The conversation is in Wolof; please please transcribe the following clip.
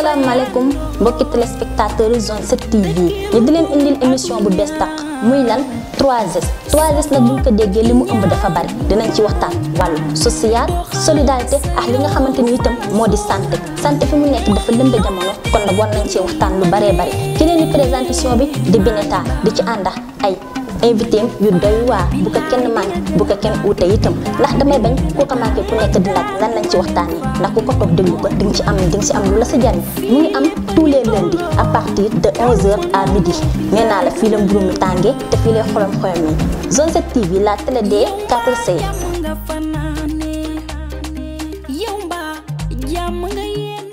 asalaamaaleykum mbokki téléspectateur zone set tv ñu di leen indil émission bu bees tàq muy lan 3S 3S nag bu ñu ko déggee li mu ëmb dafa bari dinañ ci waxtaan wàllu social solidarité ak li nga xamante ni itam moo di santé santé fi mu nekk dafa lëmbe jamono kon nag war nañ cee waxtaan lu baree bari ki leen di présentation bi di Bineta di ci àndax ay. invité yu doy waa bu ko kenn manqué bu ko kenn uute itam ndax damay bañ ku ko ku nekk di laaj lan lañ ci waxtaanee ndax ku ko toog déglu ko di ci am di ci am lu la sa jariñ mu ngi am tous les à partir de 11 à midi nee la fii la mburu tàngee te fii lay xolam xolam yi Zone 7 TV la télé des 4